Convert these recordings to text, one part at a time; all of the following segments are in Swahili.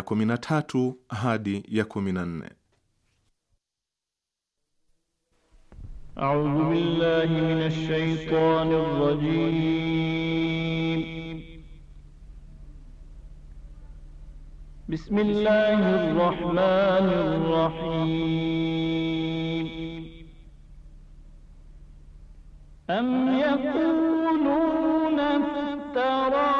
ya 13 hadi ya 14. A'udhu billahi minash shaitanir rajim. Bismillahir rahmanir rahim. Am yakuluna iftara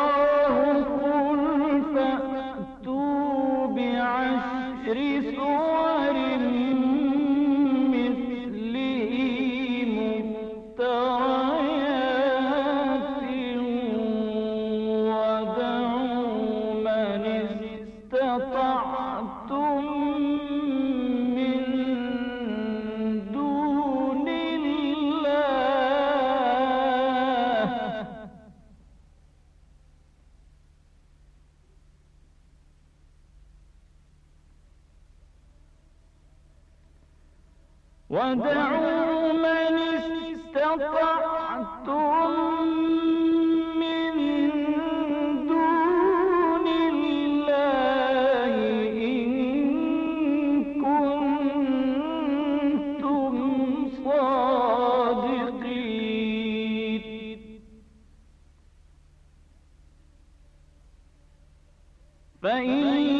فإن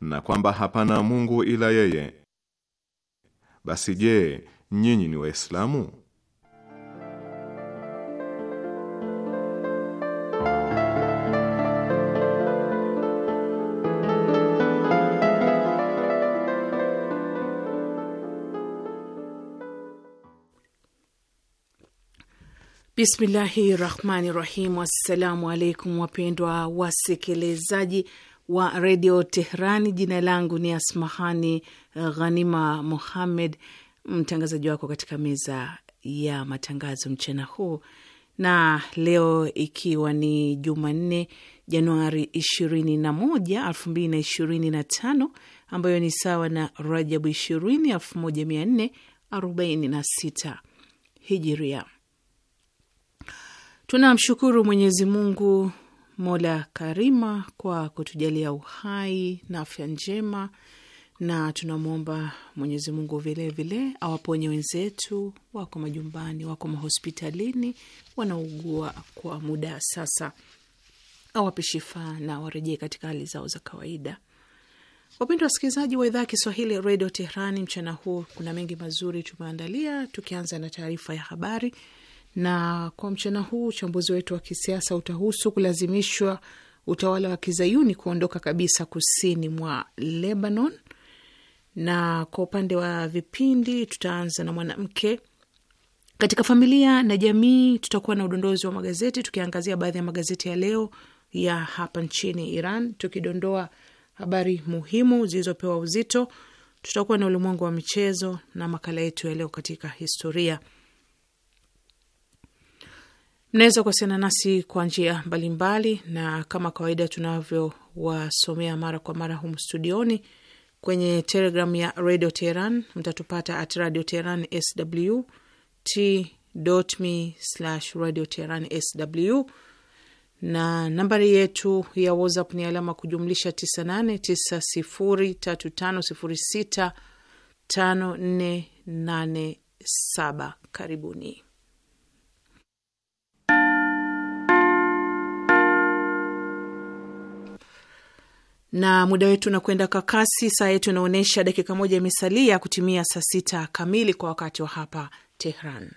na kwamba hapana Mungu ila yeye. Basi je, nyinyi ni Waislamu? Bismillahi rahmani rahim. Assalamu alaikum wapendwa wasikilizaji wa redio Teherani. Jina langu ni Asmahani eh, Ghanima Muhammed, mtangazaji wako katika meza ya matangazo mchana huu, na leo ikiwa ni Jumanne Januari ishirini na na ambayo ni sawa na Rajabu ishirini elfu hijiria. Tunamshukuru Mwenyezi Mungu Mola Karima kwa kutujalia uhai na afya njema, na tunamwomba Mwenyezi Mungu vilevile awaponye wenzetu, wako majumbani, wako mahospitalini, wanaugua kwa muda sasa, awape shifaa na warejee katika hali zao za kawaida. Wapendwa wasikilizaji wa idhaa ya Kiswahili redio Tehrani, mchana huu kuna mengi mazuri tumeandalia, tukianza na taarifa ya habari na kwa mchana huu uchambuzi wetu wa kisiasa utahusu kulazimishwa utawala wa kizayuni kuondoka kabisa kusini mwa Lebanon, na kwa upande wa vipindi tutaanza na mwanamke katika familia na jamii. Tutakuwa na udondozi wa magazeti tukiangazia baadhi ya magazeti ya leo ya hapa nchini Iran, tukidondoa habari muhimu zilizopewa uzito. Tutakuwa na ulimwengu wa michezo na makala yetu ya leo katika historia. Mnaweza kuwasiliana nasi kwa njia mbalimbali, na kama kawaida tunavyowasomea mara kwa mara humu studioni kwenye telegramu ya Radio Teheran mtatupata at Radio Teheran sw t.me slash Radio Teheran sw, na nambari yetu ya WhatsApp ni alama kujumlisha 989035065487. Karibuni. na muda wetu unakwenda kwa kasi. Saa yetu inaonyesha dakika moja imesalia kutimia saa sita kamili kwa wakati wa hapa Tehran.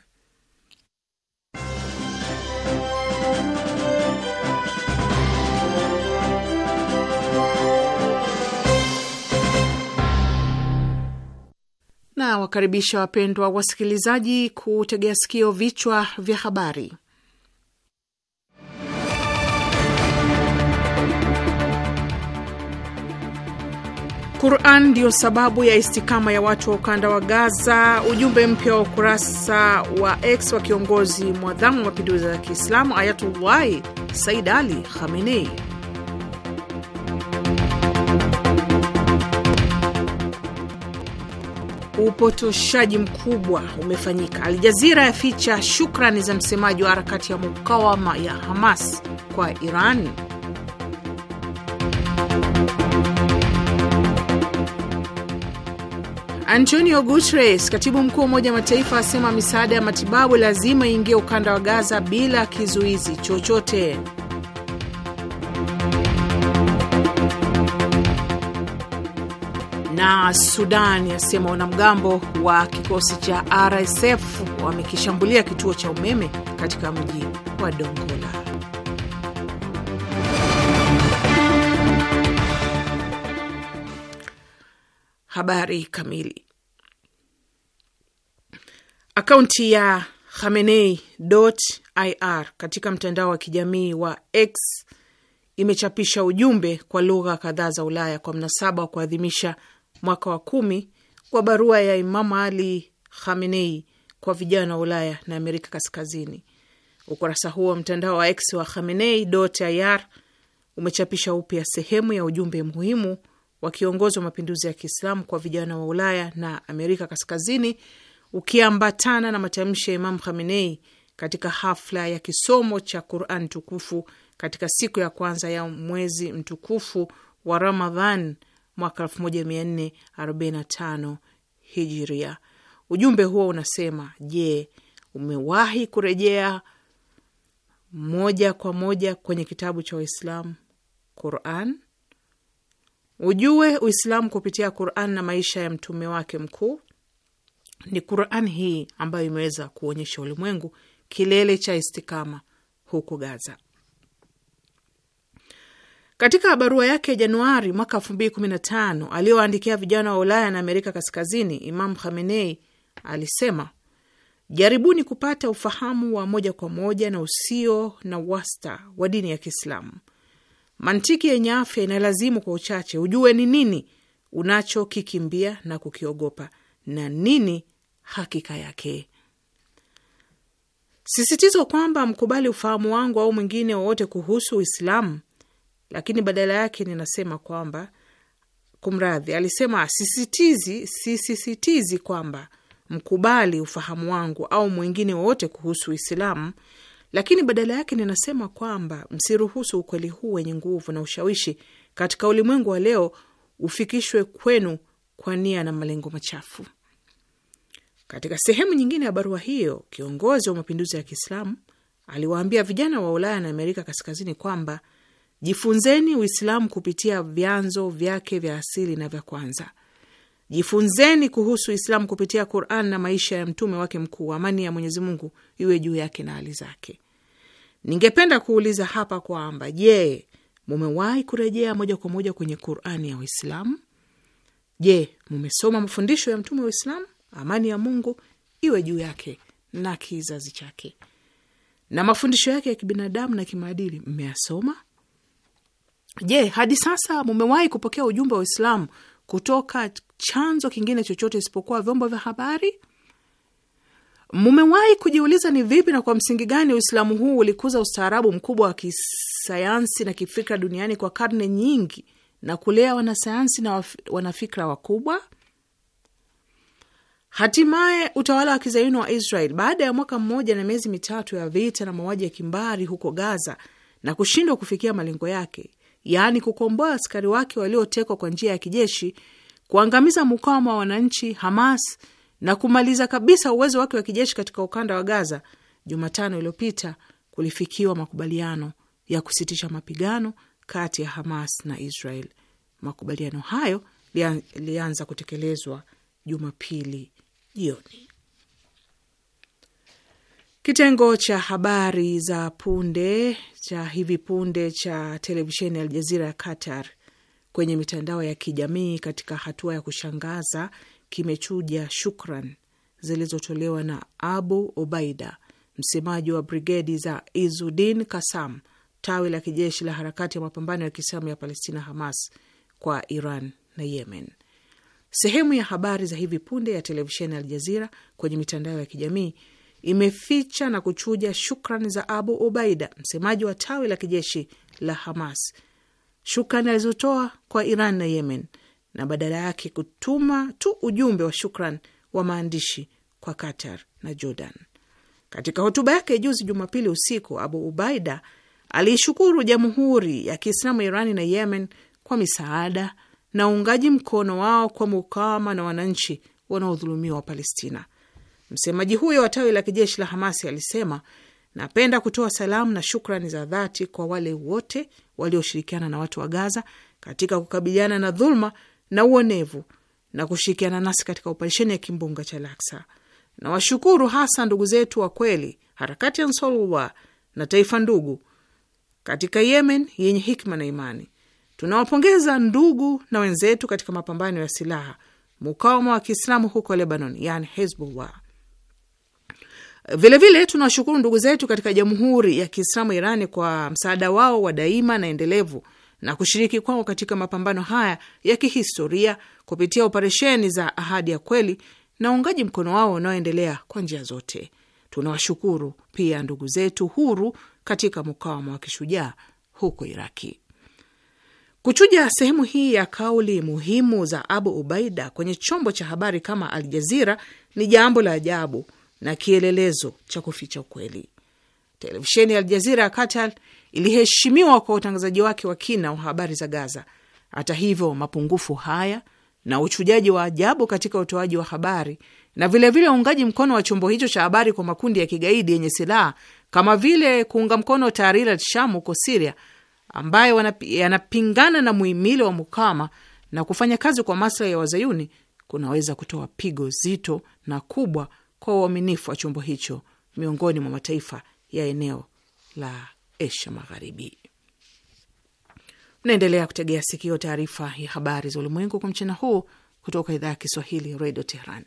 Na wakaribisha wapendwa wasikilizaji kutegea sikio vichwa vya habari. Quran ndiyo sababu ya istikama ya watu wa ukanda wa Gaza. Ujumbe mpya wa ukurasa wa X wa kiongozi mwadhamu wa mapinduzi ya Kiislamu Ayatullahi Said Ali Khamenei. Upotoshaji mkubwa umefanyika. Aljazira yaficha shukrani za msemaji wa harakati ya mukawama ya Hamas kwa Iran. Antonio Guterres, katibu mkuu wa Umoja wa Mataifa, asema misaada ya matibabu lazima iingie ukanda wa Gaza bila kizuizi chochote. Na Sudan yasema wanamgambo wa kikosi cha RSF wamekishambulia kituo cha umeme katika mji wa Dongola. Habari kamili. Akaunti ya Khamenei.ir katika mtandao wa kijamii wa X imechapisha ujumbe kwa lugha kadhaa za Ulaya kwa mnasaba wa kuadhimisha mwaka wa kumi kwa barua ya Imam Ali Khamenei kwa vijana wa Ulaya na Amerika Kaskazini. Ukurasa huo wa mtandao wa X wa Khamenei.ir umechapisha upya sehemu ya ujumbe muhimu wa kiongozi wa mapinduzi ya Kiislamu kwa vijana wa Ulaya na Amerika Kaskazini ukiambatana na matamshi ya Imam Khamenei katika hafla ya kisomo cha Quran tukufu katika siku ya kwanza ya mwezi mtukufu wa Ramadhan mwaka 1445 Hijria. Ujumbe huo unasema: Je, umewahi kurejea moja kwa moja kwenye kitabu cha uislam Quran? Ujue Uislamu kupitia Quran na maisha ya mtume wake mkuu ni Quran hii ambayo imeweza kuonyesha ulimwengu kilele cha istikama huko Gaza. Katika barua yake Januari mwaka tano aliyoandikia vijana wa Ulaya na Amerika Kaskazini, Imam Khamenei alisema Jaribuni kupata ufahamu wa moja kwa moja na usio na wasta wa dini ya Kiislamu. Mantiki yenye afya inalazimu kwa uchache ujue ni nini unachokikimbia na kukiogopa na nini hakika yake. Sisitizo kwamba mkubali ufahamu wangu au mwingine wowote kuhusu Uislamu, lakini badala yake ninasema kwamba kumradhi, alisema sisitizi, sisisitizi kwamba mkubali ufahamu wangu au mwingine wowote kuhusu Uislamu, lakini badala yake ninasema kwamba msiruhusu ukweli huu wenye nguvu na ushawishi katika ulimwengu wa leo ufikishwe kwenu kwa nia na malengo machafu. Katika sehemu nyingine ya barua hiyo, kiongozi wa mapinduzi ya Kiislamu aliwaambia vijana wa Ulaya na Amerika Kaskazini kwamba jifunzeni Uislamu kupitia vyanzo vyake vya asili na vya kwanza. Jifunzeni kuhusu Uislamu kupitia Quran na maisha ya mtume wake mkuu, amani ya Mwenyezi Mungu iwe juu yake na hali zake. Ningependa kuuliza hapa kwamba je, mumewahi kurejea moja kwa moja kwenye Qurani ya Uislamu? Je, mumesoma mafundisho ya mtume wa Uislamu? Amani ya Mungu iwe juu yake na kizazi chake. Na mafundisho yake ya kibinadamu na kimaadili mmeyasoma? Je, hadi sasa mumewahi kupokea ujumbe wa Uislamu kutoka chanzo kingine chochote isipokuwa vyombo vya habari? Mumewahi kujiuliza ni vipi na kwa msingi gani Uislamu huu ulikuza ustaarabu mkubwa wa kisayansi na kifikra duniani kwa karne nyingi na kulea wanasayansi na wanafikra wakubwa? Hatimaye utawala wa kizayuni wa Israel baada ya mwaka mmoja na miezi mitatu ya vita na mauaji ya kimbari huko Gaza na kushindwa kufikia malengo yake, yaani kukomboa askari wake waliotekwa kwa njia ya kijeshi, kuangamiza mukawama wa wananchi Hamas na kumaliza kabisa uwezo wake wa kijeshi katika ukanda wa Gaza, Jumatano iliyopita kulifikiwa makubaliano ya kusitisha mapigano kati ya Hamas na Israel. Makubaliano hayo lianza kutekelezwa Jumapili jioni. Kitengo cha habari za punde cha hivi punde cha televisheni ya Aljazira ya Qatar kwenye mitandao ya kijamii katika hatua ya kushangaza kimechuja shukran zilizotolewa na Abu Obaida, msemaji wa brigedi za Izudin Kasam, tawi la kijeshi la harakati ya mapambano ya Kiislamu ya Palestina, Hamas, kwa Iran na Yemen. Sehemu ya habari za hivi punde ya televisheni Aljazira kwenye mitandao ya kijamii imeficha na kuchuja shukrani za Abu Ubaida, msemaji wa tawi la kijeshi la Hamas, shukrani alizotoa kwa Iran na Yemen, na badala yake kutuma tu ujumbe wa shukran wa maandishi kwa Qatar na Jordan. Katika hotuba yake juzi Jumapili usiku, Abu Ubaida aliishukuru Jamhuri ya Kiislamu Irani na Yemen kwa misaada na uungaji mkono wao kwa mukawama na wananchi wanaodhulumiwa wa Palestina. Msemaji huyo wa tawi la kijeshi la Hamasi alisema, napenda kutoa salamu na shukrani za dhati kwa wale wote walioshirikiana na watu wa Gaza katika kukabiliana na dhuluma na uonevu na kushirikiana nasi katika operesheni ya kimbunga cha Laksa. Nawashukuru hasa ndugu zetu wa kweli, harakati ya Ansarullah na taifa ndugu katika Yemen yenye hikma na imani Tunawapongeza ndugu na wenzetu katika mapambano ya silaha mukawama wa Kiislamu huko Lebanon, yani Hezbollah. Vilevile tunawashukuru ndugu zetu katika Jamhuri ya Kiislamu Irani kwa msaada wao wa daima na endelevu na kushiriki kwao katika mapambano haya ya kihistoria kupitia operesheni za Ahadi ya Kweli na uungaji mkono wao unaoendelea kwa njia zote. Tunawashukuru pia ndugu zetu huru katika mukawama wa kishujaa huko Iraki. Kuchuja sehemu hii ya kauli muhimu za Abu Ubaida kwenye chombo cha habari kama Al Jazira ni jambo la ajabu na kielelezo cha kuficha ukweli. Televisheni ya Al Jazira ya Qatar iliheshimiwa kwa utangazaji wake wa kina wa habari za Gaza. Hata hivyo, mapungufu haya na uchujaji wa ajabu katika utoaji wa habari na vilevile uungaji vile mkono wa chombo hicho cha habari kwa makundi ya kigaidi yenye silaha kama vile kuunga mkono Tahrir al-Sham huko Siria ambayo yanapingana na muhimili wa mukama na kufanya kazi kwa maslahi ya wazayuni kunaweza kutoa pigo zito na kubwa kwa uaminifu wa chombo hicho miongoni mwa mataifa ya eneo la Asia Magharibi. Mnaendelea kutegea sikio taarifa ya habari za ulimwengu kwa mchana huu kutoka idhaa ya Kiswahili Redio Tehran.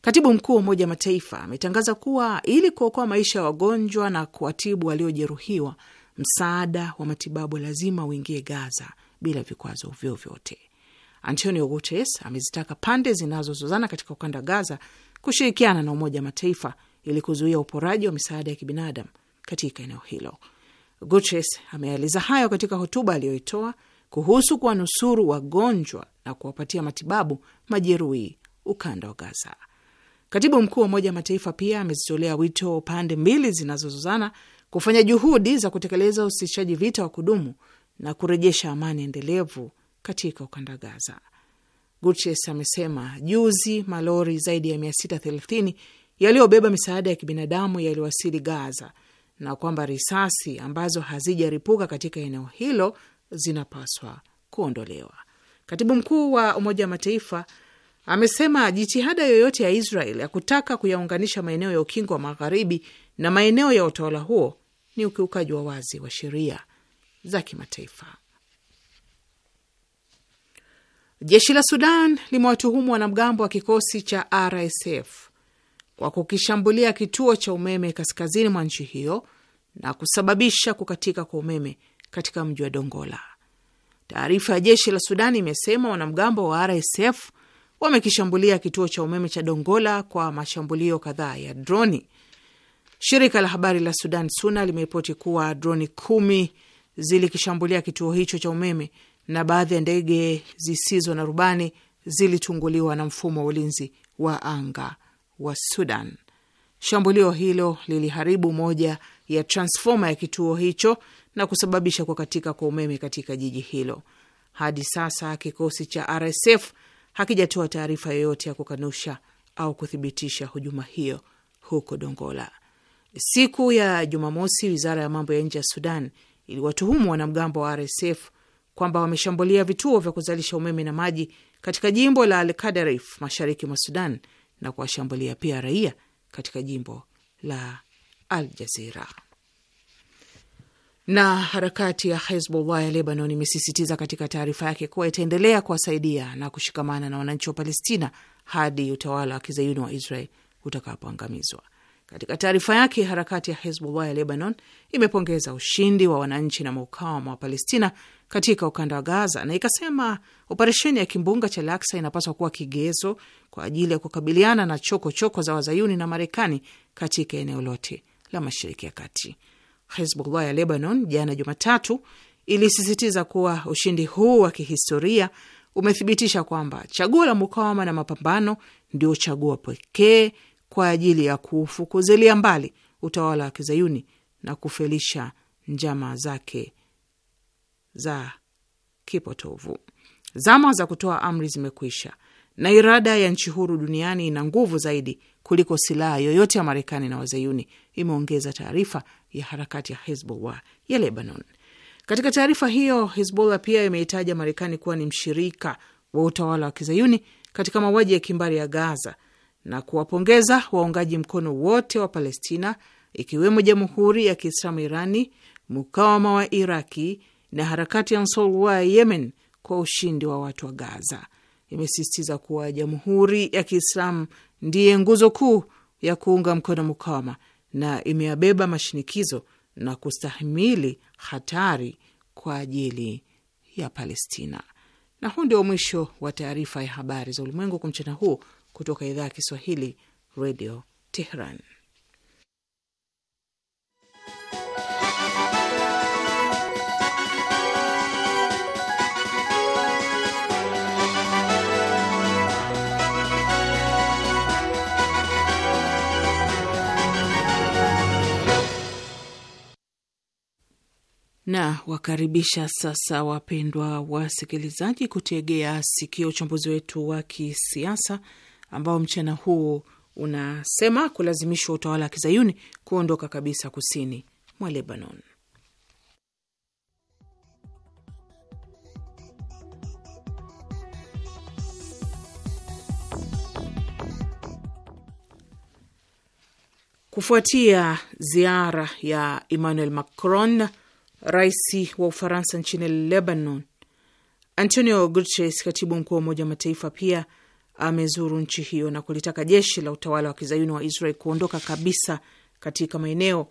Katibu mkuu wa Umoja wa Mataifa ametangaza kuwa ili kuokoa maisha ya wagonjwa na kuwatibu waliojeruhiwa Msaada wa matibabu lazima uingie Gaza bila vikwazo vyovyote. Antonio Guterres amezitaka pande zinazozozana katika ukanda wa Gaza kushirikiana na Umoja wa Mataifa ili kuzuia uporaji wa misaada ya kibinadamu katika eneo hilo. Guterres ameeleza hayo katika hotuba aliyoitoa kuhusu kuwanusuru wagonjwa na kuwapatia matibabu majeruhi ukanda wa Gaza. Katibu mkuu wa Umoja wa Mataifa pia amezitolea wito pande mbili zinazozozana kufanya juhudi za kutekeleza usitishaji vita wa kudumu na kurejesha amani endelevu katika ukanda Gaza. Guterres amesema juzi malori zaidi ya 630 yaliyobeba misaada ya kibinadamu yaliwasili Gaza na kwamba risasi ambazo hazijaripuka katika eneo hilo zinapaswa kuondolewa. Katibu mkuu wa Umoja wa Mataifa amesema jitihada yoyote ya Israel ya kutaka kuyaunganisha maeneo ya ukingo wa magharibi na maeneo ya utawala huo ni ukiukaji wa wazi wa sheria za kimataifa. Jeshi la Sudan limewatuhumu wanamgambo wa kikosi cha RSF kwa kukishambulia kituo cha umeme kaskazini mwa nchi hiyo na kusababisha kukatika kwa umeme katika mji wa Dongola. Taarifa ya jeshi la Sudan imesema wanamgambo wa RSF wamekishambulia kituo cha umeme cha Dongola kwa mashambulio kadhaa ya droni Shirika la habari la Sudan SUNA limeripoti kuwa droni kumi zilikishambulia kituo hicho cha umeme na baadhi ya ndege zisizo na rubani zilitunguliwa na mfumo wa ulinzi wa anga wa Sudan. Shambulio hilo liliharibu moja ya transfoma ya kituo hicho na kusababisha kukatika kwa umeme katika jiji hilo. Hadi sasa kikosi cha RSF hakijatoa taarifa yoyote ya kukanusha au kuthibitisha hujuma hiyo huko Dongola. Siku ya Jumamosi, wizara ya mambo ya nje ya Sudan iliwatuhumu wanamgambo wa RSF kwamba wameshambulia vituo vya kuzalisha umeme na maji katika jimbo la Al Kadarif mashariki mwa Sudan na kuwashambulia pia raia katika jimbo la Al Jazira. Na harakati ya Hezbollah ya Lebanon imesisitiza katika taarifa yake kuwa itaendelea kuwasaidia na kushikamana na wananchi wa Palestina hadi utawala wa kizayuni wa Israel utakapoangamizwa. Katika taarifa yake, harakati ya Hezbollah ya Lebanon imepongeza ushindi wa wananchi na mukawama wa Palestina katika ukanda wa Gaza na ikasema operesheni ya kimbunga cha Laksa inapaswa kuwa kigezo kwa ajili ya kukabiliana na chokochoko choko za wazayuni na Marekani katika eneo lote la Mashariki ya Kati. Hezbollah ya Lebanon jana Jumatatu ilisisitiza kuwa ushindi huu wa kihistoria umethibitisha kwamba chaguo la mukawama na mapambano ndio chaguo pekee kwa ajili ya kuufukuzilia mbali utawala wa kizayuni na kufelisha njama zake za kipotovu. Zama za kutoa amri zimekwisha na irada ya nchi huru duniani ina nguvu zaidi kuliko silaha yoyote ya Marekani na Wazayuni, imeongeza taarifa ya harakati ya Hezbollah ya Lebanon. Katika taarifa hiyo, Hezbollah pia imeitaja Marekani kuwa ni mshirika wa utawala wa kizayuni katika mauaji ya kimbari ya Gaza na kuwapongeza waungaji mkono wote wa Palestina, ikiwemo Jamhuri ya Kiislamu Irani, mukawama wa Iraki na harakati ya Ansarullah ya Yemen kwa ushindi wa watu wa Gaza. Imesisitiza kuwa Jamhuri ya Kiislamu ndiye nguzo kuu ya kuunga mkono mukawama na imeyabeba mashinikizo na kustahimili hatari kwa ajili ya Palestina. Na huu ndio mwisho wa taarifa ya habari za ulimwengu kwa mchana huu kutoka idhaa ya Kiswahili Radio Tehran. na wakaribisha sasa wapendwa wasikilizaji, kutegea sikio uchambuzi wetu wa kisiasa ambao mchana huu unasema kulazimishwa utawala wa kizayuni kuondoka kabisa kusini mwa Lebanon. Kufuatia ziara ya Emmanuel Macron, rais wa Ufaransa, nchini Lebanon, Antonio Guterres, katibu mkuu wa Umoja wa Mataifa, pia amezuru nchi hiyo na kulitaka jeshi la utawala wa kizayuni wa Israel kuondoka kabisa katika maeneo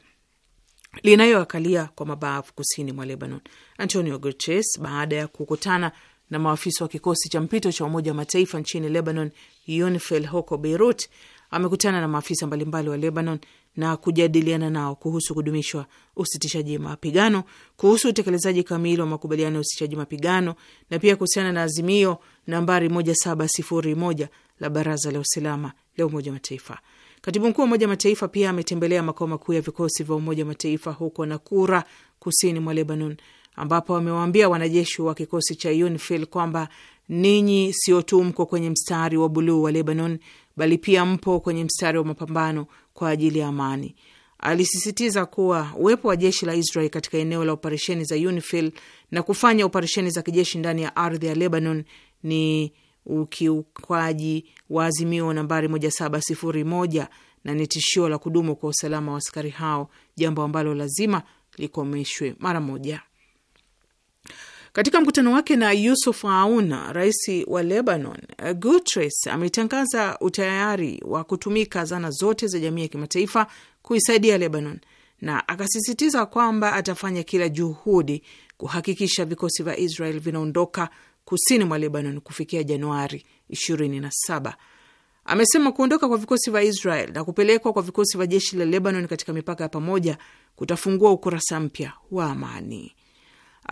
linayoakalia kwa mabavu kusini mwa Lebanon. Antonio Guterres, baada ya kukutana na maafisa wa kikosi cha mpito cha Umoja wa Mataifa nchini Lebanon, UNIFIL, huko Beirut, amekutana na maafisa mbalimbali wa Lebanon na kujadiliana nao kuhusu kudumishwa usitishaji mapigano, kuhusu utekelezaji kamili wa makubaliano ya usitishaji mapigano na pia kuhusiana na azimio nambari 1701 la Baraza la Usalama la Umoja wa Mataifa. Katibu mkuu wa Umoja wa Mataifa pia ametembelea makao makuu ya vikosi vya Umoja wa Mataifa huko Nakura, kusini mwa Lebanon, ambapo amewaambia wanajeshi wa kikosi cha UNIFIL kwamba ninyi sio tu mko kwenye mstari wa buluu wa Lebanon, bali pia mpo kwenye mstari wa mapambano kwa ajili ya amani. Alisisitiza kuwa uwepo wa jeshi la Israel katika eneo la operesheni za UNIFIL na kufanya operesheni za kijeshi ndani ya ardhi ya Lebanon ni ukiukwaji wa azimio nambari 1701 na ni tishio la kudumu kwa usalama wa askari hao, jambo ambalo lazima likomeshwe mara moja. Katika mkutano wake na Yusuf Auna, rais wa Lebanon, Gutres ametangaza utayari wa kutumika zana zote za jamii ya kimataifa kuisaidia Lebanon na akasisitiza kwamba atafanya kila juhudi kuhakikisha vikosi vya Israel vinaondoka kusini mwa Lebanon kufikia Januari 27. Amesema kuondoka kwa vikosi vya Israel na kupelekwa kwa vikosi vya jeshi la Lebanon katika mipaka ya pamoja kutafungua ukurasa mpya wa amani.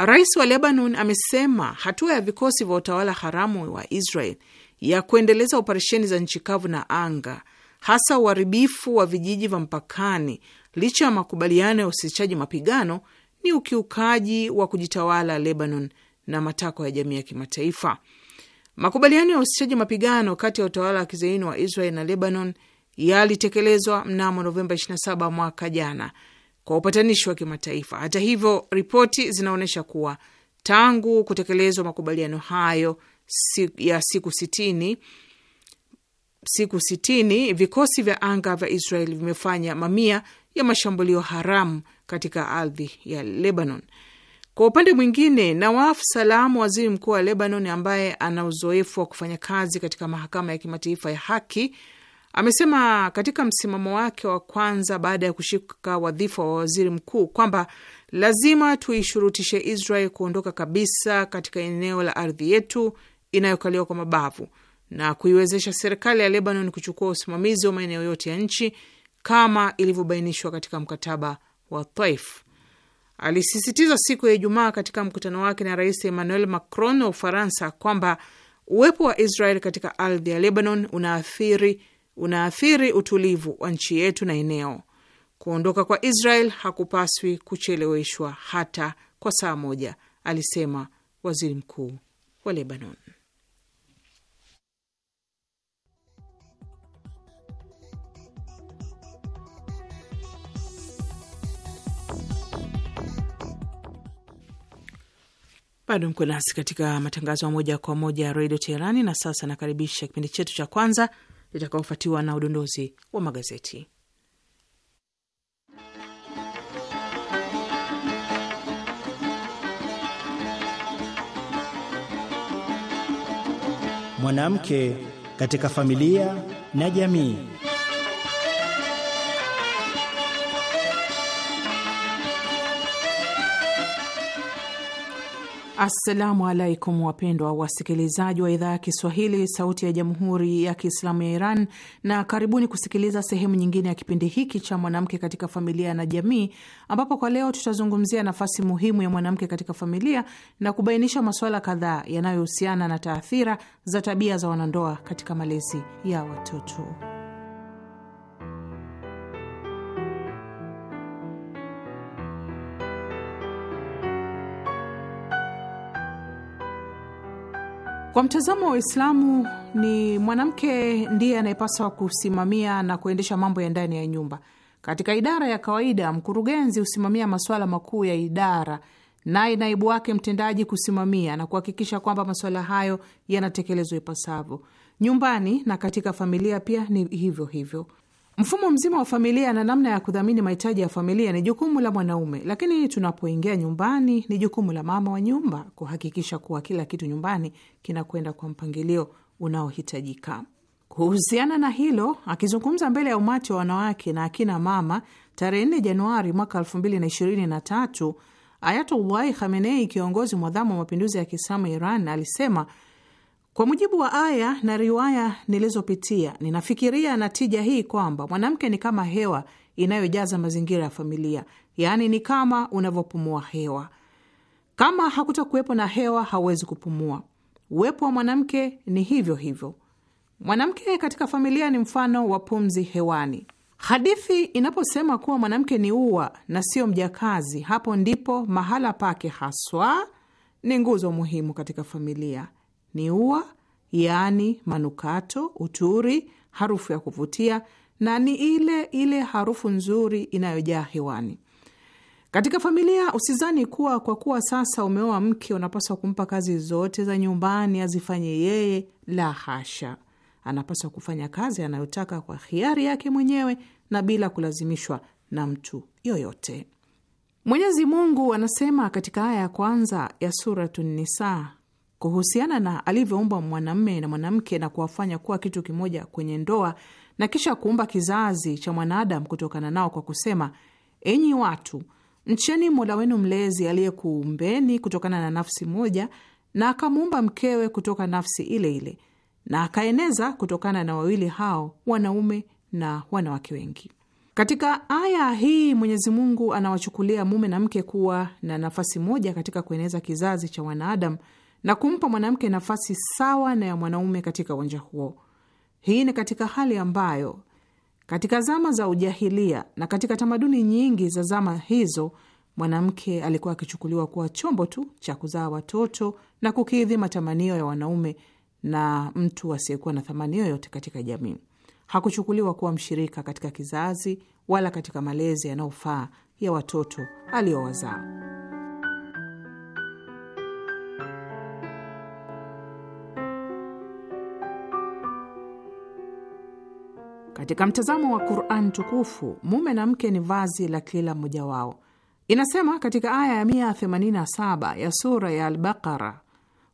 Rais wa Lebanon amesema hatua ya vikosi vya utawala haramu wa Israel ya kuendeleza operesheni za nchi kavu na anga, hasa uharibifu wa vijiji vya mpakani, licha ya makubaliano ya usitishaji mapigano, ni ukiukaji wa kujitawala Lebanon na matakwa ya jamii ya kimataifa. Makubaliano ya usitishaji mapigano kati ya utawala wa kizaini wa Israel na Lebanon yalitekelezwa mnamo Novemba 27 mwaka jana kwa upatanishi wa kimataifa. Hata hivyo, ripoti zinaonyesha kuwa tangu kutekelezwa makubaliano hayo ya siku sitini siku sitini vikosi vya anga vya Israel vimefanya mamia ya mashambulio haramu katika ardhi ya Lebanon. Kwa upande mwingine, Nawaf Salam, waziri mkuu wa Lebanon ambaye ana uzoefu wa kufanya kazi katika mahakama ya kimataifa ya haki, Amesema katika msimamo wake wa kwanza baada ya kushika wadhifa wa waziri mkuu kwamba lazima tuishurutishe Israel kuondoka kabisa katika eneo la ardhi yetu inayokaliwa kwa mabavu na kuiwezesha serikali ya Lebanon kuchukua usimamizi wa maeneo yote ya nchi kama ilivyobainishwa katika mkataba wa Taif. Alisisitiza siku ya Ijumaa katika mkutano wake na Rais Emmanuel Macron wa Ufaransa kwamba uwepo wa Israel katika ardhi ya Lebanon unaathiri unaathiri utulivu wa nchi yetu na eneo. Kuondoka kwa Israel hakupaswi kucheleweshwa hata kwa saa moja, alisema waziri mkuu wa Lebanon. Bado mko nasi katika matangazo ya moja kwa moja ya redio Teherani. Na sasa nakaribisha kipindi chetu cha kwanza itakaofuatiwa na udondozi wa magazeti. Mwanamke katika familia na jamii. Assalamu alaikum wapendwa wasikilizaji wa idhaa ya Kiswahili sauti ya jamhuri ya Kiislamu ya Iran, na karibuni kusikiliza sehemu nyingine ya kipindi hiki cha mwanamke katika familia na jamii, ambapo kwa leo tutazungumzia nafasi muhimu ya mwanamke katika familia na kubainisha masuala kadhaa yanayohusiana na taathira za tabia za wanandoa katika malezi ya watoto. Kwa mtazamo wa Uislamu, ni mwanamke ndiye anayepaswa kusimamia na kuendesha mambo ya ndani ya nyumba. Katika idara ya kawaida, mkurugenzi husimamia masuala makuu ya idara, naye naibu wake mtendaji kusimamia na kuhakikisha kwamba masuala hayo yanatekelezwa ipasavyo. Nyumbani na katika familia pia ni hivyo hivyo. Mfumo mzima wa familia na namna ya kudhamini mahitaji ya familia ni jukumu la mwanaume, lakini tunapoingia nyumbani ni jukumu la mama wa nyumba kuhakikisha kuwa kila kitu nyumbani kinakwenda kwa mpangilio unaohitajika. Kuhusiana na hilo, akizungumza mbele ya umati wa wanawake na akina mama tarehe 4 Januari mwaka 2023, Ayatullahi Khamenei, kiongozi mwadhamu wa mapinduzi ya Kiislamu Iran, alisema kwa mujibu wa aya na riwaya nilizopitia, ninafikiria natija hii kwamba mwanamke ni kama hewa inayojaza mazingira ya familia, yaani ni kama unavyopumua hewa. Kama hakutakuwepo na hewa, hauwezi kupumua. Uwepo wa mwanamke ni hivyo hivyo. Mwanamke katika familia ni mfano wa pumzi hewani. Hadithi inaposema kuwa mwanamke ni ua na sio mjakazi, hapo ndipo mahala pake haswa ni nguzo muhimu katika familia ni ua, yaani manukato, uturi, harufu ya kuvutia na ni ile ile harufu nzuri inayojaa hewani. Katika familia, usizani kuwa kwa kuwa sasa umeoa mke unapaswa kumpa kazi zote za nyumbani azifanye yeye. La hasha, anapaswa kufanya kazi anayotaka kwa hiari yake mwenyewe na bila kulazimishwa na mtu yoyote. Mwenyezi Mungu anasema katika aya ya kwanza ya Suratu kuhusiana na alivyoumba mwanamme na mwanamke na kuwafanya kuwa kitu kimoja kwenye ndoa na kisha kuumba kizazi cha mwanadamu kutokana nao kwa kusema: enyi watu, mcheni Mola wenu mlezi aliyekuumbeni kutokana na nafsi moja na akamuumba mkewe kutoka nafsi ile ile na akaeneza kutokana na wawili hao wanaume na wanawake wengi. Katika aya hii Mwenyezi Mungu anawachukulia mume na mke kuwa na nafasi moja katika kueneza kizazi cha wanadamu na kumpa mwanamke nafasi sawa na ya mwanaume katika uwanja huo. Hii ni katika hali ambayo katika zama za ujahilia na katika tamaduni nyingi za zama hizo mwanamke alikuwa akichukuliwa kuwa chombo tu cha kuzaa watoto na kukidhi matamanio ya wanaume na mtu asiyekuwa na thamani yoyote katika jamii. Hakuchukuliwa kuwa mshirika katika kizazi wala katika malezi yanayofaa ya watoto aliyowazaa. Katika mtazamo wa Quran tukufu, mume na mke ni vazi la kila mmoja wao. Inasema katika aya ya 187 ya sura ya Albakara,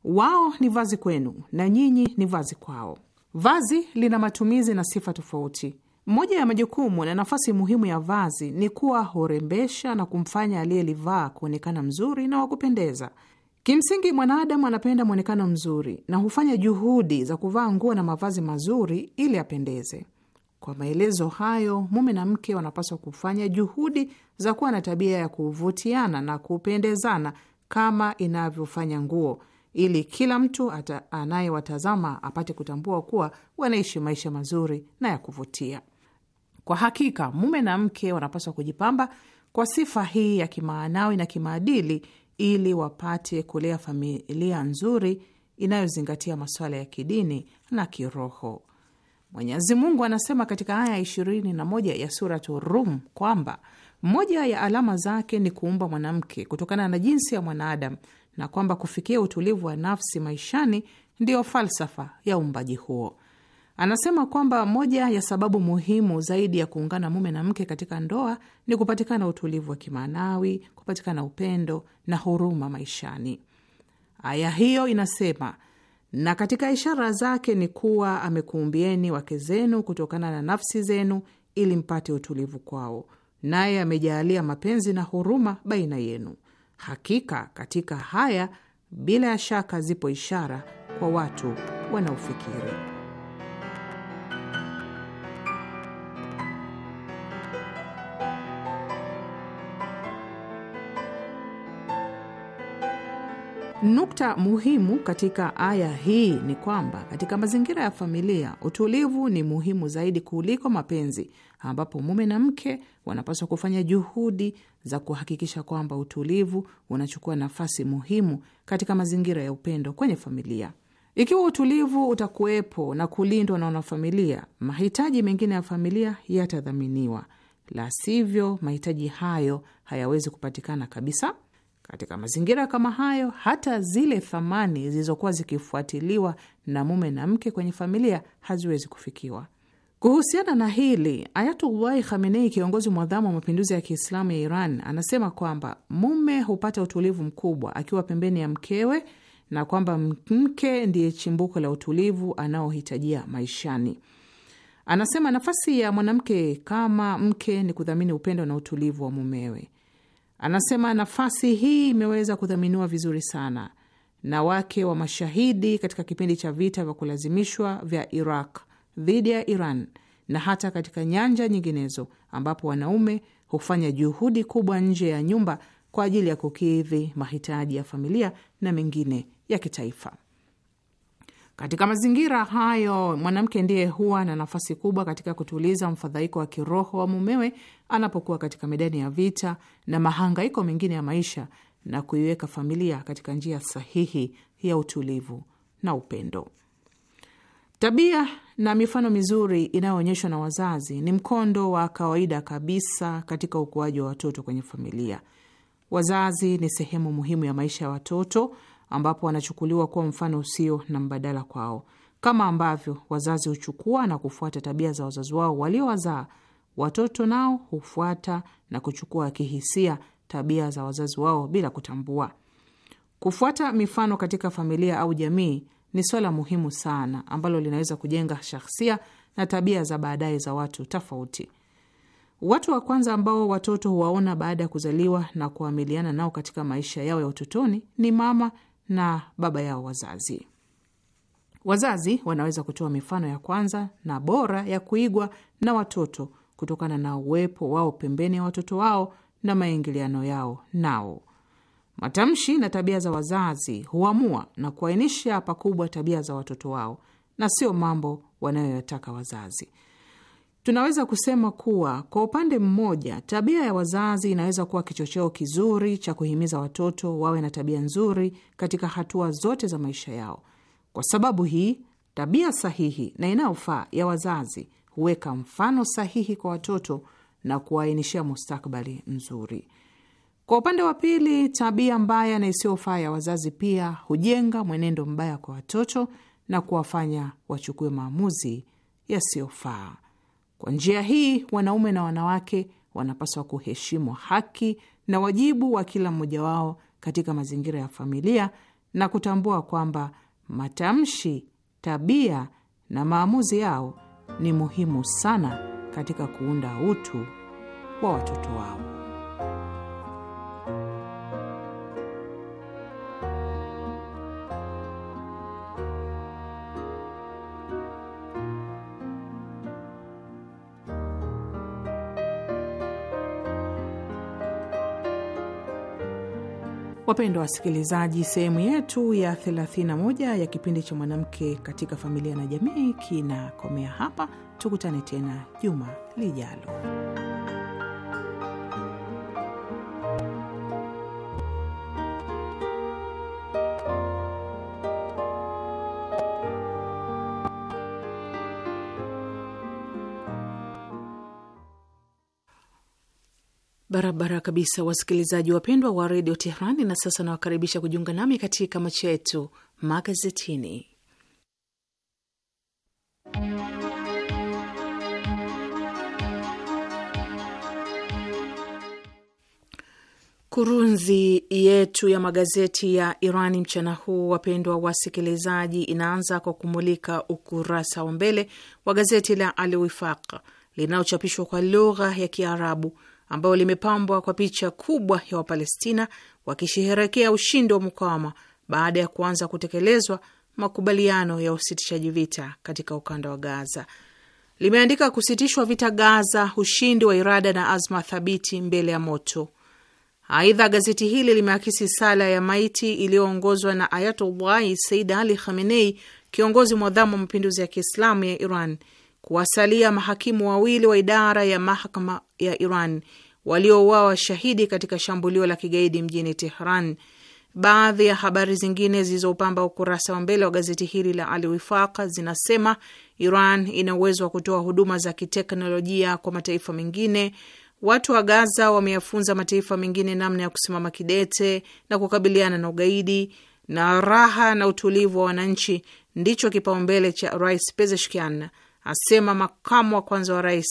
wao ni vazi kwenu na nyinyi ni vazi kwao. Vazi lina matumizi na sifa tofauti. Moja ya majukumu na nafasi muhimu ya vazi ni kuwa hurembesha na kumfanya aliyelivaa kuonekana mzuri na wa kupendeza. Kimsingi, mwanadamu anapenda mwonekano mzuri na hufanya juhudi za kuvaa nguo na mavazi mazuri ili apendeze. Kwa maelezo hayo, mume na mke wanapaswa kufanya juhudi za kuwa na tabia ya kuvutiana na kupendezana kama inavyofanya nguo, ili kila mtu anayewatazama apate kutambua kuwa wanaishi maisha mazuri na ya kuvutia. Kwa hakika, mume na mke wanapaswa kujipamba kwa sifa hii ya kimaanawi na kimaadili ili wapate kulea familia nzuri inayozingatia masuala ya kidini na kiroho. Mwenyezi Mungu anasema katika aya 21 ya Suratu Rum kwamba moja ya alama zake ni kuumba mwanamke kutokana na jinsi ya mwanadamu na kwamba kufikia utulivu wa nafsi maishani ndiyo falsafa ya uumbaji huo. Anasema kwamba moja ya sababu muhimu zaidi ya kuungana mume na mke katika ndoa ni kupatikana utulivu wa kimaanawi, kupatikana upendo na huruma maishani. Aya hiyo inasema na katika ishara zake ni kuwa amekuumbieni wake zenu kutokana na nafsi zenu ili mpate utulivu kwao, naye amejaalia mapenzi na huruma baina yenu. Hakika katika haya bila ya shaka zipo ishara kwa watu wanaofikiri. Nukta muhimu katika aya hii ni kwamba katika mazingira ya familia utulivu ni muhimu zaidi kuliko mapenzi, ambapo mume na mke wanapaswa kufanya juhudi za kuhakikisha kwamba utulivu unachukua nafasi muhimu katika mazingira ya upendo kwenye familia. Ikiwa utulivu utakuwepo na kulindwa na wanafamilia, mahitaji mengine ya familia yatadhaminiwa, la sivyo mahitaji hayo hayawezi kupatikana kabisa. Katika mazingira kama hayo, hata zile thamani zilizokuwa zikifuatiliwa na mume na mke kwenye familia haziwezi kufikiwa. Kuhusiana na hili, Ayatullahi Khamenei, kiongozi mwadhamu wa mapinduzi ya Kiislamu ya Iran, anasema kwamba mume hupata utulivu mkubwa akiwa pembeni ya mkewe na kwamba mke ndiye chimbuko la utulivu anaohitajia maishani. Anasema nafasi ya mwanamke kama mke ni kudhamini upendo na utulivu wa mumewe. Anasema nafasi hii imeweza kudhaminiwa vizuri sana na wake wa mashahidi katika kipindi cha vita vya kulazimishwa vya Iraq dhidi ya Iran na hata katika nyanja nyinginezo ambapo wanaume hufanya juhudi kubwa nje ya nyumba kwa ajili ya kukidhi mahitaji ya familia na mengine ya kitaifa. Katika mazingira hayo, mwanamke ndiye huwa na nafasi kubwa katika kutuliza mfadhaiko wa kiroho wa mumewe anapokuwa katika medani ya vita na mahangaiko mengine ya maisha na kuiweka familia katika njia sahihi ya utulivu na upendo. Tabia na mifano mizuri inayoonyeshwa na wazazi ni mkondo wa kawaida kabisa katika ukuaji wa watoto kwenye familia. Wazazi ni sehemu muhimu ya maisha ya watoto, ambapo wanachukuliwa kuwa mfano usio na mbadala kwao. Kama ambavyo wazazi huchukua na kufuata tabia za wazazi wao waliowazaa, Watoto nao hufuata na kuchukua kihisia tabia za wazazi wao bila kutambua. Kufuata mifano katika familia au jamii ni swala muhimu sana ambalo linaweza kujenga shahsia na tabia za baadaye za watu tofauti. Watu wa kwanza ambao watoto huwaona baada ya kuzaliwa na kuamiliana nao katika maisha yao ya utotoni ni mama na baba yao wazazi. Wazazi wanaweza kutoa mifano ya kwanza na bora ya kuigwa na watoto kutokana na uwepo wao pembeni ya watoto wao na maingiliano yao nao. Matamshi na tabia za wazazi huamua na kuainisha pakubwa tabia za watoto wao na sio mambo wanayoyataka wazazi. Tunaweza kusema kuwa kwa upande mmoja, tabia ya wazazi inaweza kuwa kichocheo kizuri cha kuhimiza watoto wawe na tabia nzuri katika hatua zote za maisha yao. Kwa sababu hii, tabia sahihi na inayofaa ya wazazi huweka mfano sahihi kwa watoto na kuwaainishia mustakbali mzuri. Kwa upande wa pili, tabia mbaya na isiyofaa ya wazazi pia hujenga mwenendo mbaya kwa watoto na kuwafanya wachukue maamuzi yasiyofaa. Kwa njia hii, wanaume na wanawake wanapaswa kuheshimu haki na wajibu wa kila mmoja wao katika mazingira ya familia na kutambua kwamba matamshi, tabia na maamuzi yao ni muhimu sana katika kuunda utu wa watoto wao. Wapendwa wasikilizaji, sehemu yetu ya 31 ya kipindi cha mwanamke katika familia na jamii kinakomea hapa. Tukutane tena juma lijalo. barabara kabisa, wasikilizaji wapendwa wa redio Tehrani. Na sasa nawakaribisha kujiunga nami katika macho yetu magazetini. Kurunzi yetu ya magazeti ya Irani mchana huu, wapendwa wasikilizaji, inaanza kwa kumulika ukurasa wa mbele wa gazeti la Al Wifaq linalochapishwa kwa lugha ya Kiarabu ambayo limepambwa kwa picha kubwa ya Wapalestina wakisherehekea ushindi wa mukawama baada ya kuanza kutekelezwa makubaliano ya usitishaji vita katika ukanda wa Gaza. Limeandika kusitishwa vita Gaza, ushindi wa irada na azma thabiti mbele ya moto. Aidha, gazeti hili limeakisi sala ya maiti iliyoongozwa na Ayatullahi Said Ali Khamenei, kiongozi mwadhamu wa mapinduzi ya Kiislamu ya Iran, kuwasalia mahakimu wawili wa idara ya mahakama ya Iran waliouawa shahidi katika shambulio la kigaidi mjini Tehran. Baadhi ya habari zingine zilizopamba ukurasa wa mbele wa gazeti hili la Al Wifaq zinasema Iran ina uwezo wa kutoa huduma za kiteknolojia kwa mataifa mengine. Watu wa Gaza wameyafunza mataifa mengine namna ya kusimama kidete na kukabiliana na ugaidi. Na raha na utulivu wa wananchi ndicho kipaumbele cha Rais Pezeshkian, asema makamu wa kwanza wa rais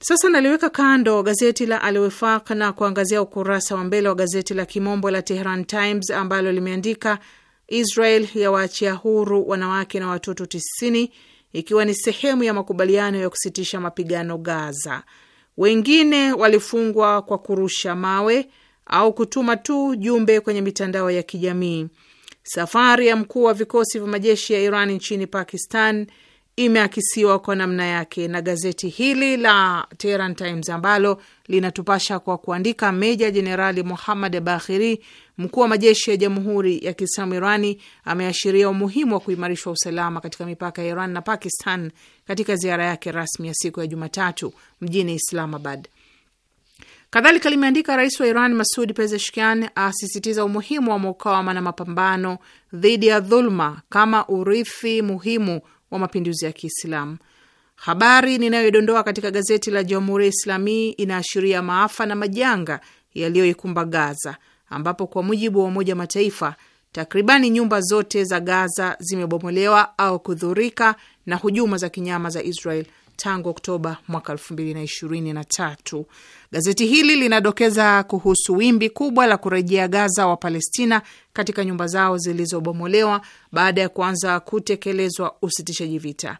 sasa naliweka kando gazeti la Al Wefaq na kuangazia ukurasa wa mbele wa gazeti la kimombo la Tehran Times ambalo limeandika Israel yawaachia huru wanawake na watoto 90 ikiwa ni sehemu ya makubaliano ya kusitisha mapigano Gaza. Wengine walifungwa kwa kurusha mawe au kutuma tu jumbe kwenye mitandao ya kijamii. Safari ya mkuu wa vikosi vya majeshi ya Iran nchini Pakistan imeakisiwa kwa namna yake na gazeti hili la Tehran Times ambalo linatupasha kwa kuandika, Meja Jenerali Muhammad Bakhiri, mkuu wa majeshi ya Jamhuri ya Kiislamu Irani, ameashiria umuhimu wa kuimarishwa usalama katika mipaka ya Iran na Pakistan katika ziara yake rasmi ya siku ya Jumatatu mjini Islamabad. Kadhalika limeandika rais wa Iran Masud Pezeshkian asisitiza umuhimu wa mukawama na mapambano dhidi ya dhuluma kama urithi muhimu wa mapinduzi ya Kiislamu. Habari ninayodondoa katika gazeti la Jamhuri ya Islami inaashiria maafa na majanga yaliyoikumba Gaza, ambapo kwa mujibu wa Umoja wa Mataifa takribani nyumba zote za Gaza zimebomolewa au kudhurika na hujuma za kinyama za Israel tangu Oktoba mwaka elfu mbili na ishirini na tatu. Gazeti hili linadokeza kuhusu wimbi kubwa la kurejea Gaza wa Palestina katika nyumba zao zilizobomolewa baada ya kuanza kutekelezwa usitishaji vita.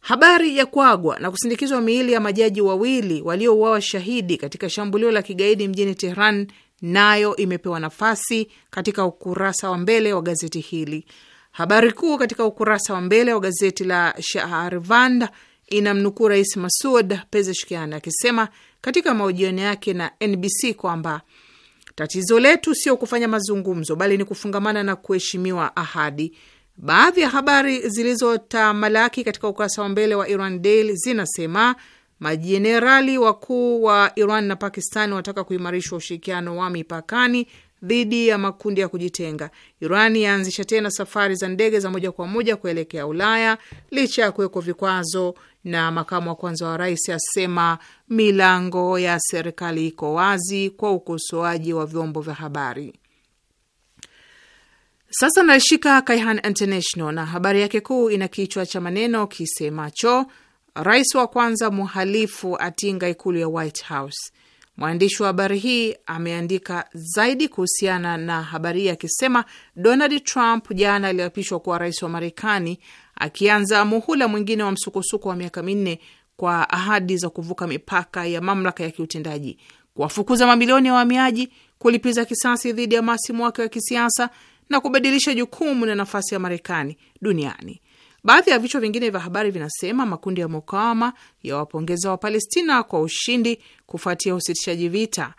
Habari ya kuagwa na kusindikizwa miili ya majaji wawili waliouawa shahidi katika shambulio la kigaidi mjini Tehran nayo imepewa nafasi katika ukurasa wa mbele wa gazeti hili. Habari kuu katika ukurasa wa mbele wa gazeti la Shaharvand inamnukuu Rais Masud Pezeshkian akisema katika mahojiano yake na NBC kwamba tatizo letu sio kufanya mazungumzo, bali ni kufungamana na kuheshimiwa ahadi. Baadhi ya habari zilizotamalaki katika ukurasa wa mbele wa Iran Daily zinasema majenerali wakuu wa Iran na Pakistan wanataka kuimarishwa ushirikiano wa mipakani dhidi ya makundi ya kujitenga. Iran yaanzisha tena safari za ndege za moja kwa moja kuelekea Ulaya licha ya kuwekwa vikwazo na makamu wa kwanza wa rais asema milango ya serikali iko wazi kwa ukosoaji wa vyombo vya habari. Sasa naishika Kaihan International na habari yake kuu ina kichwa cha maneno kisemacho rais wa kwanza mhalifu atinga ikulu ya White House. Mwandishi wa habari hii ameandika zaidi kuhusiana na habari hii akisema, Donald Trump jana aliapishwa kuwa rais wa Marekani akianza muhula mwingine wa msukosuko wa miaka minne kwa ahadi za kuvuka mipaka ya mamlaka ya kiutendaji, kuwafukuza mamilioni ya wahamiaji, kulipiza kisasi dhidi ya masimu wake wa kisiasa na kubadilisha jukumu na nafasi ya Marekani duniani. Baadhi ya vichwa vingine vya habari vinasema makundi ya mukawama yawapongeza Wapalestina kwa ushindi kufuatia usitishaji vita.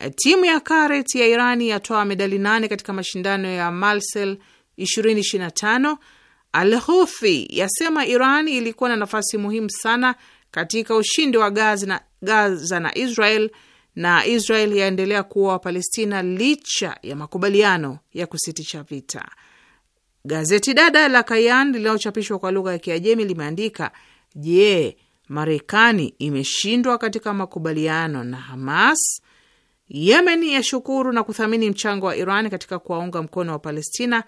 Eh, timu ya Karet ya Irani yatoa medali nane katika mashindano ya malsel 2025 Al Houthi yasema Iran ilikuwa na nafasi muhimu sana katika ushindi wa Gaza na, Gaza na Israel na Israel yaendelea kuwa Wapalestina licha ya makubaliano ya kusitisha vita. Gazeti dada la Kayan linalochapishwa kwa lugha ya Kiajemi limeandika je, Marekani imeshindwa katika makubaliano na Hamas? Yemen yashukuru na kuthamini mchango wa Iran katika kuwaunga mkono wa Palestina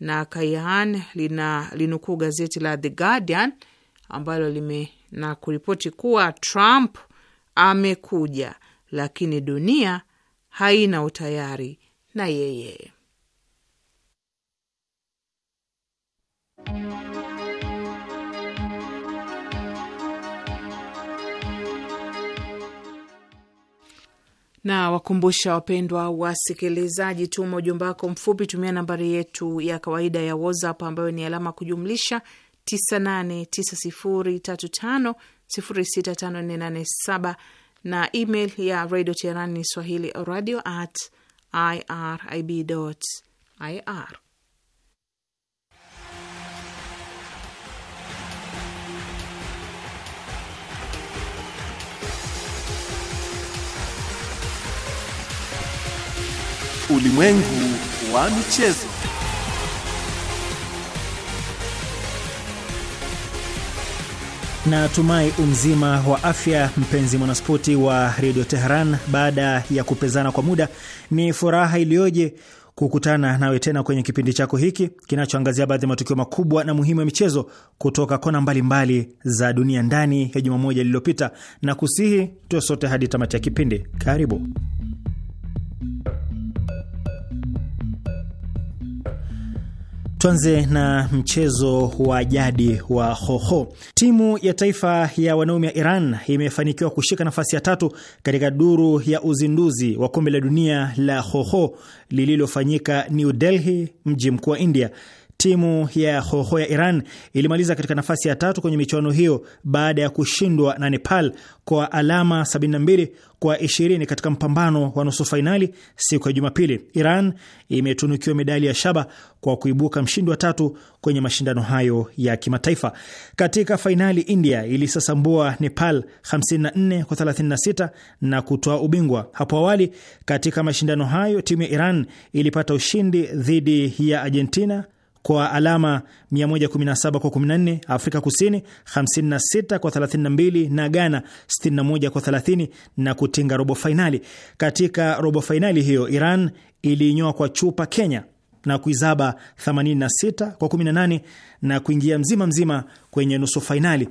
na Kaihan lina linukuu gazeti la The Guardian ambalo lime na kuripoti kuwa Trump amekuja, lakini dunia haina utayari na yeye. na wakumbusha wapendwa wasikilizaji, tuma ujumbe wako mfupi, tumia nambari yetu ya kawaida ya WhatsApp ambayo ni alama kujumlisha 989035065487 na email ya Radio Teherani ni swahili radio at irib.ir. Ulimwengu wa michezo. Natumai umzima wa afya mpenzi mwanaspoti wa redio Teheran. Baada ya kupezana kwa muda, ni furaha iliyoje kukutana nawe tena kwenye kipindi chako hiki kinachoangazia baadhi ya matukio makubwa na muhimu ya michezo kutoka kona mbalimbali mbali za dunia ndani ya juma moja lililopita, na kusihi tuwe sote hadi tamati ya kipindi. Karibu. Tuanze na mchezo wa jadi wa hoho. Timu ya taifa ya wanaume ya Iran imefanikiwa kushika nafasi ya tatu katika duru ya uzinduzi wa kombe la dunia la hoho lililofanyika New Delhi, mji mkuu wa India. Timu ya Hoho ya Iran ilimaliza katika nafasi ya tatu kwenye michuano hiyo baada ya kushindwa na Nepal kwa alama 72 kwa 20 katika mpambano wa nusu fainali siku ya Jumapili. Iran imetunukiwa medali ya shaba kwa kuibuka mshindi wa tatu kwenye mashindano hayo ya kimataifa. Katika fainali, India ilisasambua Nepal 54 kwa 36 na kutoa ubingwa. Hapo awali katika mashindano hayo timu ya Iran ilipata ushindi dhidi ya Argentina kwa alama 117 kwa 14, Afrika Kusini 56 kwa 32 na Ghana 61 kwa 30 na kutinga robo fainali. Katika robo fainali hiyo Iran iliinyoa kwa chupa Kenya na kuizaba 86 kwa 18 na kuingia mzima mzima kwenye nusu fainali.